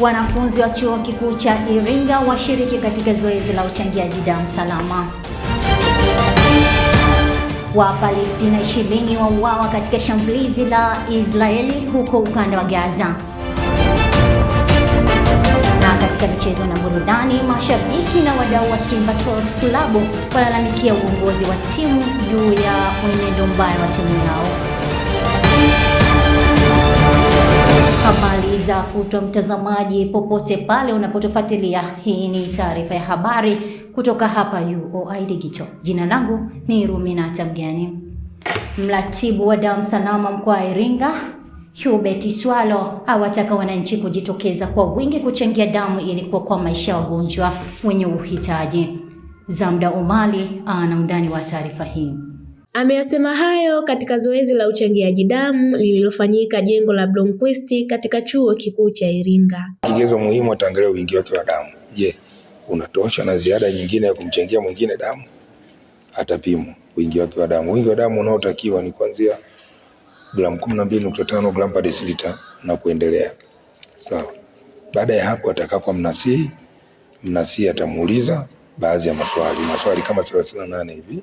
Wanafunzi wa chuo kikuu cha Iringa washiriki katika zoezi la uchangiaji damu salama. Wapalestina ishirini wauawa katika shambulizi la Israeli huko ukanda wa Gaza. Na katika michezo na burudani, mashabiki na wadau wa Simba Sports Club walalamikia uongozi wa timu juu ya mwenendo mbaya wa timu yao. Habari za kutwa mtazamaji, popote pale unapotufuatilia, hii ni taarifa ya habari kutoka hapa UoI Digital. Jina langu ni Ruminata Mgeni. Mratibu wa es salama mkoa wa Iringa Hubert Swalo awataka wananchi kujitokeza kwa wingi kuchangia damu ili kuokoa maisha ya wagonjwa wenye uhitaji. Zamda Umali ana undani wa taarifa hii. Ameyasema hayo katika zoezi la uchangiaji damu lililofanyika jengo la Blomquist katika chuo kikuu cha Iringa. Kigezo muhimu ataangalia wingi wake wa damu. Je, unatosha na ziada nyingine ya kumchangia mwingine damu? Atapimwa wingi wake wa damu. Wingi wa damu unaotakiwa ni kuanzia gramu 12.5 gramu per deciliter na kuendelea. Sawa. So, baada ya hapo atakapo mnasii, mnasii atamuuliza baadhi ya maswali, maswali kama 38 hivi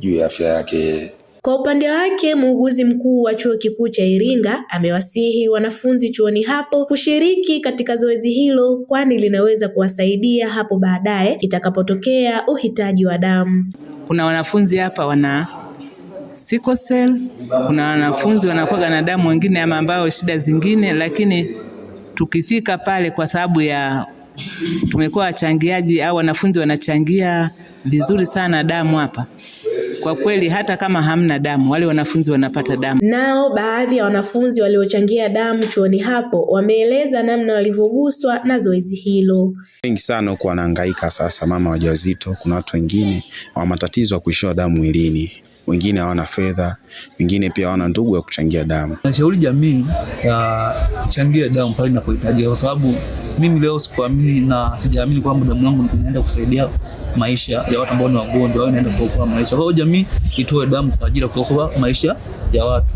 juu ya afya yake. Kwa upande wake, muuguzi mkuu wa chuo kikuu cha Iringa amewasihi wanafunzi chuoni hapo kushiriki katika zoezi hilo kwani linaweza kuwasaidia hapo baadaye itakapotokea uhitaji wa damu. Kuna wanafunzi hapa wana sickle cell, kuna wanafunzi wanakuwa na damu wengine ama ambao shida zingine, lakini tukifika pale kwa sababu ya tumekuwa wachangiaji au wanafunzi wanachangia vizuri sana damu hapa kwa kweli hata kama hamna damu, wale wanafunzi wanapata damu. Nao baadhi ya wanafunzi waliochangia damu chuoni hapo wameeleza namna walivyoguswa na zoezi hilo. Wengi sana huko wanahangaika sasa, mama wajawazito, kuna watu wengine wa matatizo ya kuishiwa damu mwilini wengine hawana fedha, wengine pia hawana ndugu ya kuchangia damu. Nashauri jamii ya changia damu pale inapohitajika, kwa sababu mimi leo sikuamini na sijaamini kwamba damu yangu inaenda kusaidia maisha ya watu ambao ni wagonjwa au inaenda kuokoa maisha. Kwa hiyo jamii itoe damu kwa ajili ya kuokoa maisha ya watu.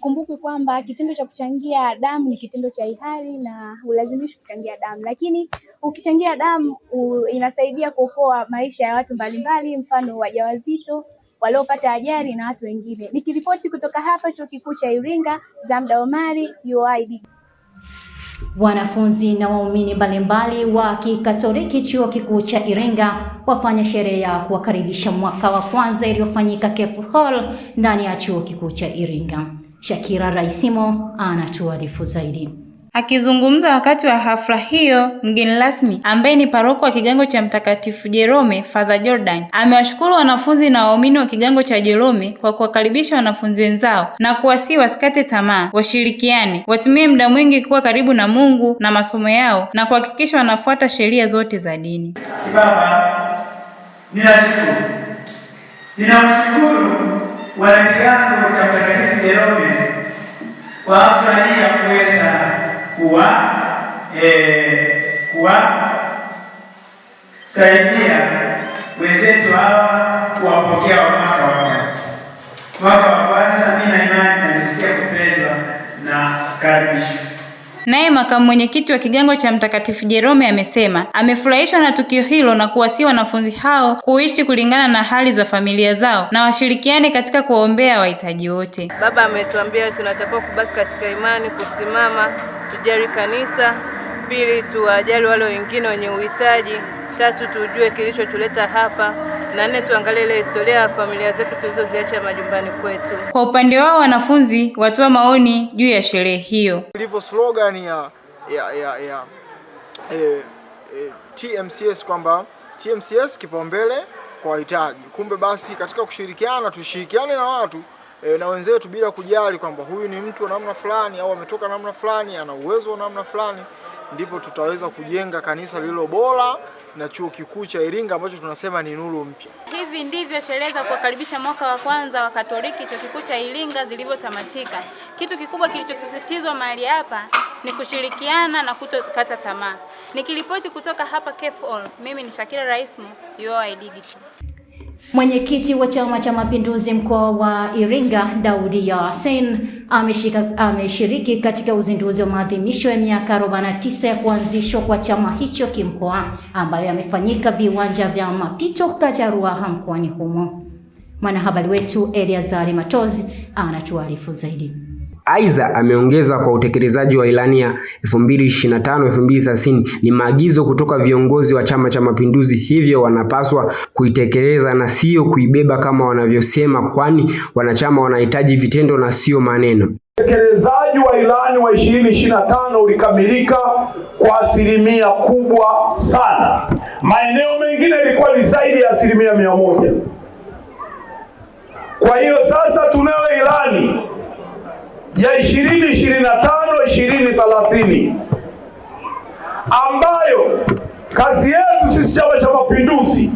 Kumbuke kwamba kitendo cha kuchangia damu ni kitendo cha hiari na hulazimishi kuchangia damu, lakini ukichangia damu inasaidia kuokoa maisha ya watu mbalimbali, mfano wajawazito waliopata ajali na watu wengine. Nikiripoti kutoka hapa Chuo Kikuu cha Iringa, Zamda Omari, UoI. Wanafunzi na waumini mbalimbali wa Kikatoliki Chuo Kikuu cha Iringa wafanya sherehe ya kuwakaribisha mwaka wa kwanza iliyofanyika Kefu Hall ndani ya Chuo Kikuu cha Iringa. Shakira Raisimo anatuarifu zaidi. Akizungumza wakati wa hafla hiyo, mgeni rasmi ambaye ni paroko wa kigango cha Mtakatifu Jerome, Father Jordan, amewashukuru wanafunzi na waumini wa kigango cha Jerome kwa kuwakaribisha wanafunzi wenzao na kuwasihi wasikate tamaa, washirikiane, watumie muda mwingi kuwa karibu na Mungu na masomo yao na kuhakikisha wanafuata sheria zote za dini. Baba, ninashukuru, ninashukuru wanakigango cha Mtakatifu Jerome kwa hafla hii ya kuweza kuwa eh, kuwasaidia wenzetu hawa kuwapokea wa mwaka wa kwanza. Mwaka wa kwanza, mimi na imani nalisikia kupendwa na karibisho Naye makamu mwenyekiti wa kigango cha Mtakatifu Jerome amesema amefurahishwa na tukio hilo na kuwasii wanafunzi hao kuishi kulingana na hali za familia zao na washirikiane katika kuwaombea wahitaji wote. Baba ametuambia tunatakiwa kubaki katika imani, kusimama, tujali kanisa; pili, tuwajali wale wengine wenye uhitaji; tatu, tujue kilichotuleta hapa na nne tuangalie ile historia ya familia zetu tulizoziacha majumbani kwetu. Kwa upande wao wanafunzi watoa maoni juu ya sherehe hiyo. Ilivyo slogan ya ya ya, ya eh, eh, TMCS kwamba TMCS kipaumbele kwa wahitaji. Kumbe basi katika kushirikiana tushirikiane na watu e, na wenzetu bila kujali kwamba huyu ni mtu wa namna fulani au ametoka namna fulani, ana uwezo wa namna fulani ndipo tutaweza kujenga kanisa lililo bora na chuo kikuu cha Iringa ambacho tunasema ni nuru mpya. Hivi ndivyo sherehe za kuwakaribisha mwaka wa kwanza wa Katoliki chuo kikuu cha Iringa zilivyotamatika. Kitu kikubwa kilichosisitizwa mahali hapa ni kushirikiana na kutokata tamaa. Nikiripoti kutoka hapa Kefol, mimi ni Shakira Raismu, UoI Digital. Mwenyekiti wa Chama cha Mapinduzi mkoa wa Iringa, daudi Hussein ameshika ameshiriki katika uzinduzi wa maadhimisho ya miaka 49 ya kuanzishwa kwa chama hicho kimkoa ambayo yamefanyika viwanja vya mapito kati ya Ruaha mkoani humo. Mwanahabari wetu Eliazari Matozi anatuarifu zaidi. Aidha, ameongeza kwa utekelezaji wa ilani ya 2025-2030 ni maagizo kutoka viongozi wa Chama cha Mapinduzi, hivyo wanapaswa kuitekeleza na sio kuibeba kama wanavyosema, kwani wanachama wanahitaji vitendo na sio maneno. Utekelezaji wa ilani wa 2025 ulikamilika kwa asilimia kubwa sana, maeneo mengine ilikuwa ni zaidi ya asilimia mia moja. Kwa hiyo sasa tunayo ilani ya 20 ishirini ambayo kazi yetu sisi Chama cha Mapinduzi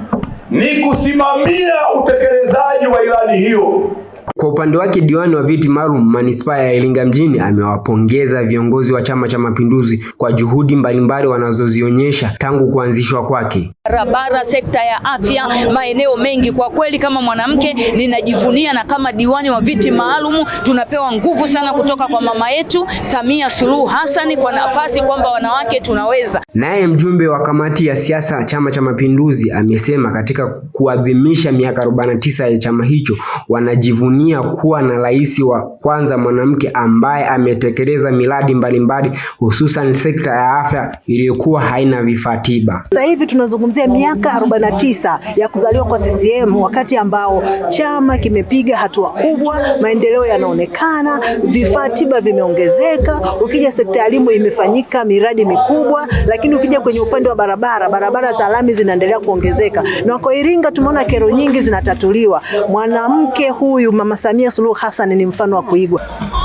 ni kusimamia utekelezaji wa ilani hiyo. Kwa upande wake diwani wa viti maalum manispaa ya Iringa mjini amewapongeza viongozi wa Chama cha Mapinduzi kwa juhudi mbalimbali wanazozionyesha tangu kuanzishwa kwake barabara, sekta ya afya, maeneo mengi. Kwa kweli kama mwanamke ninajivunia, na kama diwani wa viti maalum tunapewa nguvu sana kutoka kwa mama yetu Samia Suluhu Hassan kwa nafasi kwamba wanawake tunaweza. Naye mjumbe wa kamati ya siasa Chama cha Mapinduzi amesema katika kuadhimisha miaka 49 ya chama hicho wanajivunia kuwa na rais wa kwanza mwanamke ambaye ametekeleza miradi mbalimbali hususan sekta ya afya iliyokuwa haina vifaa tiba. Sasa hivi tunazungumza kuanzia miaka 49 ya kuzaliwa kwa CCM, wakati ambao chama kimepiga hatua kubwa, maendeleo yanaonekana, vifaa tiba vimeongezeka, ukija sekta ya elimu imefanyika miradi mikubwa, lakini ukija kwenye upande wa barabara, barabara za lami zinaendelea kuongezeka, na kwa Iringa tumeona kero nyingi zinatatuliwa. Mwanamke huyu Mama Samia Suluhu Hassan ni mfano wa kuigwa.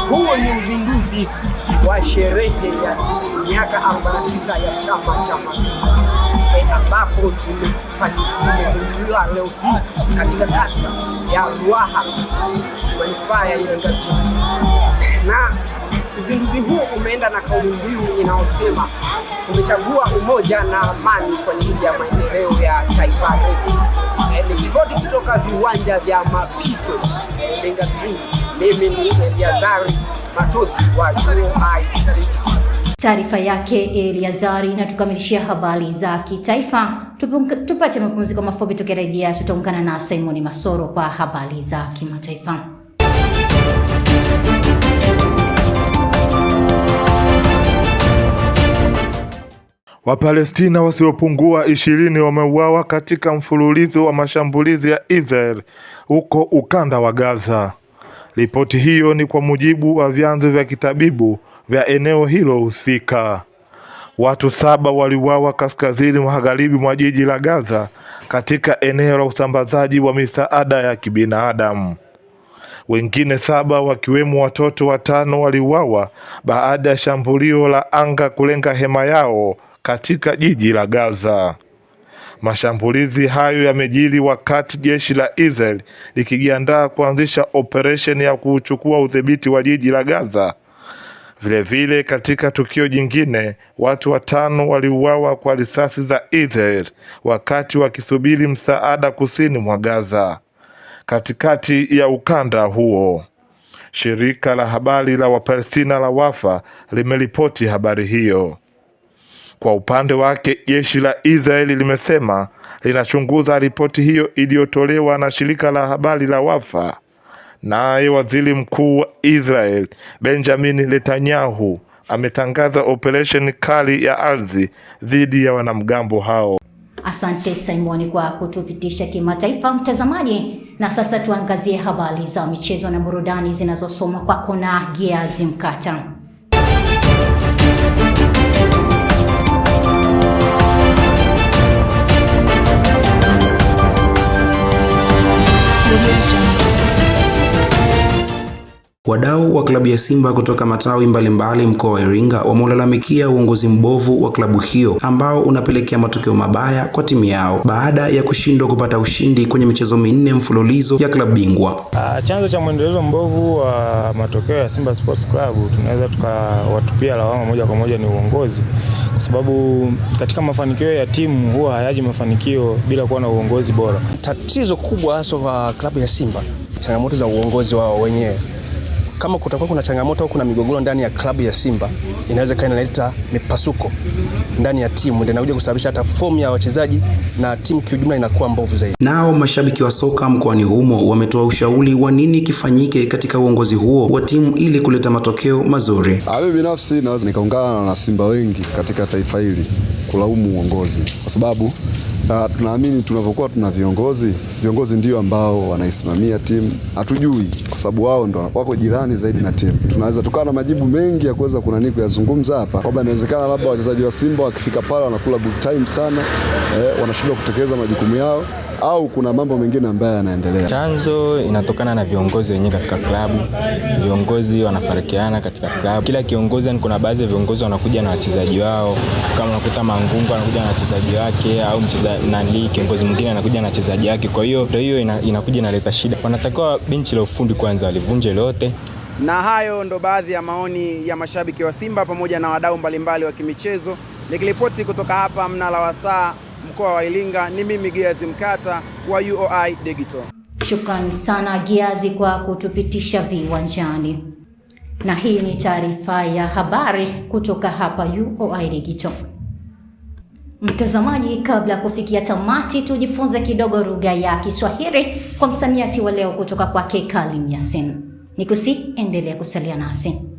Huo ni uzinduzi wa sherehe ya miaka 49 ya Chama cha Mapinduzi ambapo tumefanyiwa leo hii katika kata ya Ruaha manispaa ya Iringa na uzinduzi huu umeenda na kauli mbiu inayosema tumechagua umoja na amani kwa ajili ya maendeleo ya taifa letu. Nikiripoti kutoka viwanja vya Mapito Iringa, mimi ni Eliazari Matosi wa UoI taarifa yake Eliazari, na tukamilishia habari za kitaifa. Tupate mapumziko mafupi, tukirejea tutaungana na Simon Masoro kwa habari za kimataifa. Wapalestina wasiopungua ishirini wameuawa katika mfululizo wa mashambulizi ya Israel huko ukanda wa Gaza. Ripoti hiyo ni kwa mujibu wa vyanzo vya kitabibu vya eneo hilo husika. Watu saba waliuawa kaskazini magharibi mwa jiji la Gaza katika eneo la usambazaji wa misaada ya kibinadamu. Wengine saba wakiwemo watoto watano waliuawa baada ya shambulio la anga kulenga hema yao katika jiji la Gaza. Mashambulizi hayo yamejiri wakati jeshi la Israel likijiandaa kuanzisha operesheni ya kuchukua udhibiti wa jiji la Gaza Vilevile, katika tukio jingine, watu watano waliuawa kwa risasi za Israel wakati wakisubiri msaada kusini mwa Gaza, katikati ya ukanda huo. Shirika la habari la Wapalestina la Wafa limeripoti habari hiyo. Kwa upande wake, jeshi la Israeli limesema linachunguza ripoti hiyo iliyotolewa na shirika la habari la Wafa. Naye waziri mkuu wa Israel Benjamin Netanyahu ametangaza operesheni kali ya ardhi dhidi ya wanamgambo hao. Asante Simoni kwa kutupitisha kimataifa, mtazamaji. Na sasa tuangazie habari za michezo na burudani zinazosoma kwako na Giazi Mkata. Wadau wa klabu ya Simba kutoka matawi mbalimbali mkoa wa Iringa wameulalamikia uongozi mbovu wa klabu hiyo ambao unapelekea matokeo mabaya kwa timu yao baada ya kushindwa kupata ushindi kwenye michezo minne mfululizo ya klabu bingwa. Ah, chanzo cha mwendelezo mbovu wa matokeo ya Simba Sports Club tunaweza tukawatupia lawama moja kwa moja ni uongozi, kwa sababu katika mafanikio ya timu huwa hayaji mafanikio bila kuwa na uongozi bora. Tatizo kubwa hasa kwa klabu ya Simba, changamoto za uongozi wao wenyewe kama kutakuwa kuna changamoto au kuna migogoro ndani ya klabu ya Simba inaweza ikawa inaleta mipasuko ndani ya timu, ndio inakuja kusababisha hata fomu ya wachezaji na timu kiujumla inakuwa mbovu zaidi. Nao mashabiki wa soka mkoani humo wametoa ushauri wa nini kifanyike katika uongozi huo wa timu ili kuleta matokeo mazuri. Ah, mimi binafsi naweza nikaungana na Simba wengi katika taifa hili kulaumu uongozi kwa sababu uh, tunaamini tunavyokuwa tuna viongozi, viongozi ndio ambao wanaisimamia timu. Hatujui kwa sababu wao ndo wako jirani zaidi na timu. Tunaweza tukawa na majibu mengi ya kuweza kuna nini kuyazungumza hapa kwamba inawezekana labda wachezaji wa Simba wakifika pale wanakula good time sana eh, wanashindwa kutekeleza majukumu yao au kuna mambo mengine ambayo yanaendelea? Chanzo inatokana na viongozi wenyewe katika klabu. Viongozi wanafarikiana katika klabu, kila kiongozi, yani kuna baadhi ya viongozi wanakuja na wachezaji wao, kama unakuta Mangungu anakuja na wachezaji wake, au mchezaji nani, kiongozi mwingine anakuja na wachezaji wake. Kwa hiyo ndio hiyo inakuja inaleta shida. Wanatakiwa benchi la ufundi kwanza walivunje lote na hayo ndo baadhi ya maoni ya mashabiki wa Simba pamoja na wadau mbalimbali wa kimichezo. Nikiripoti kutoka hapa mnala wa saa mkoa wa Iringa. Ni mimi Giazi Mkata wa UoI Digital. Shukrani sana giazi kwa kutupitisha viwanjani, na hii ni taarifa ya habari kutoka hapa UoI Digital. Mtazamaji, kabla ya kufikia tamati, tujifunze kidogo lugha ya Kiswahili kwa msamiati wa leo kutoka kwake kalim Yasin. Nikusi endelea kusalia nasi.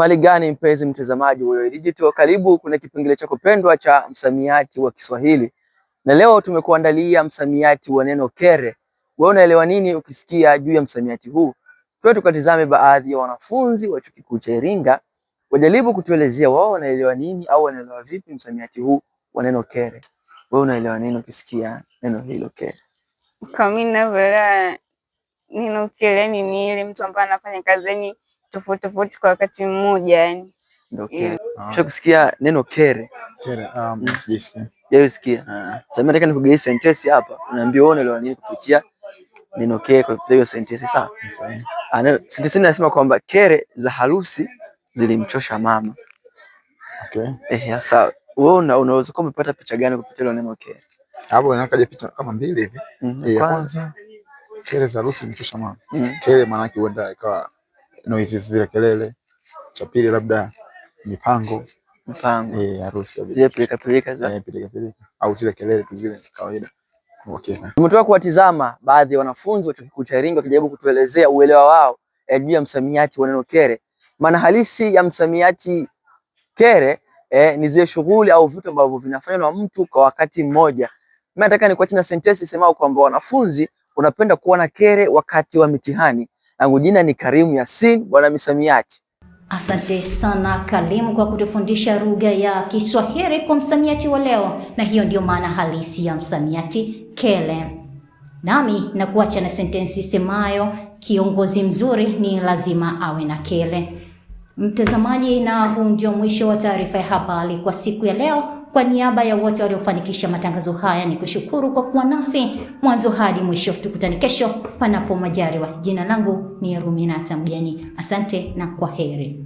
Hali gani mpenzi mtazamaji wa UoI Digital, karibu. Kuna kipengele chako pendwa cha msamiati wa Kiswahili, na leo tumekuandalia msamiati wa neno kere. Wewe unaelewa nini ukisikia juu ya msamiati huu? Tuwe tukatizame baadhi ya wanafunzi wa chuo kikuu cha Iringa wajaribu kutuelezea wao wanaelewa nini au wanaelewa vipi msamiati huu wa neno kere. Wewe unaelewa nini ukisikia neno hilo kere? Kama mimi ninavyoelewa neno kere ni ile mtu ambaye anafanya kazi tofauti tofauti kwa wakati mmoja yani. Eh. Ah. Kusikia neno kere Kere, Yeye ah, mm. usikia. Ah. sasa mimi nataka nikugeuza sentence hapa, unaambia wewe unaelewa nini kupitia neno kere kwa kupitia hiyo sentence sasa. Sasa. Ana sentence inasema kwamba kere za harusi zilimchosha mama. Okay. Eh, sawa. Wewe una unaweza kuwa umepata picha gani kupitia hilo neno kere? Hapo inakaja picha kama mbili hivi. Mhm. Eh, ya kwanza kere za harusi zilimchosha mama. Mhm. Kere maana yake huenda ikawa noise zile kelele. Cha pili labda mipango mipango eh, harusi zile pilika pilika za eh, pilika pilika au zile kelele tu zile kawaida. Okay. Tumetoka kuwatizama baadhi ya wanafunzi wa Chuo Kikuu cha Iringa wakijaribu kutuelezea uelewa wao eh, juu ya msamiati wa neno kere. Maana halisi ya msamiati kere eh, ni zile shughuli au vitu ambavyo vinafanywa na mtu kwa wakati mmoja. Mimi nataka nikuachie na sentensi isemao kwamba wanafunzi unapenda kuona kere wakati wa mitihani. Langu jina ni Karimu Yasin, bwana misamiati. Asante sana Karimu kwa kutufundisha lugha ya Kiswahili kwa msamiati wa leo, na hiyo ndiyo maana halisi ya msamiati kele. Nami nakuacha na sentensi semayo kiongozi mzuri ni lazima awe na kele. Mtazamaji, na huu ndio mwisho wa taarifa ya habari kwa siku ya leo. Kwa niaba ya wote waliofanikisha matangazo haya, ni kushukuru kwa kuwa nasi mwanzo hadi mwisho. Tukutane kesho, panapo majaliwa. Jina langu ni Rumina Mgeni, asante na kwa heri.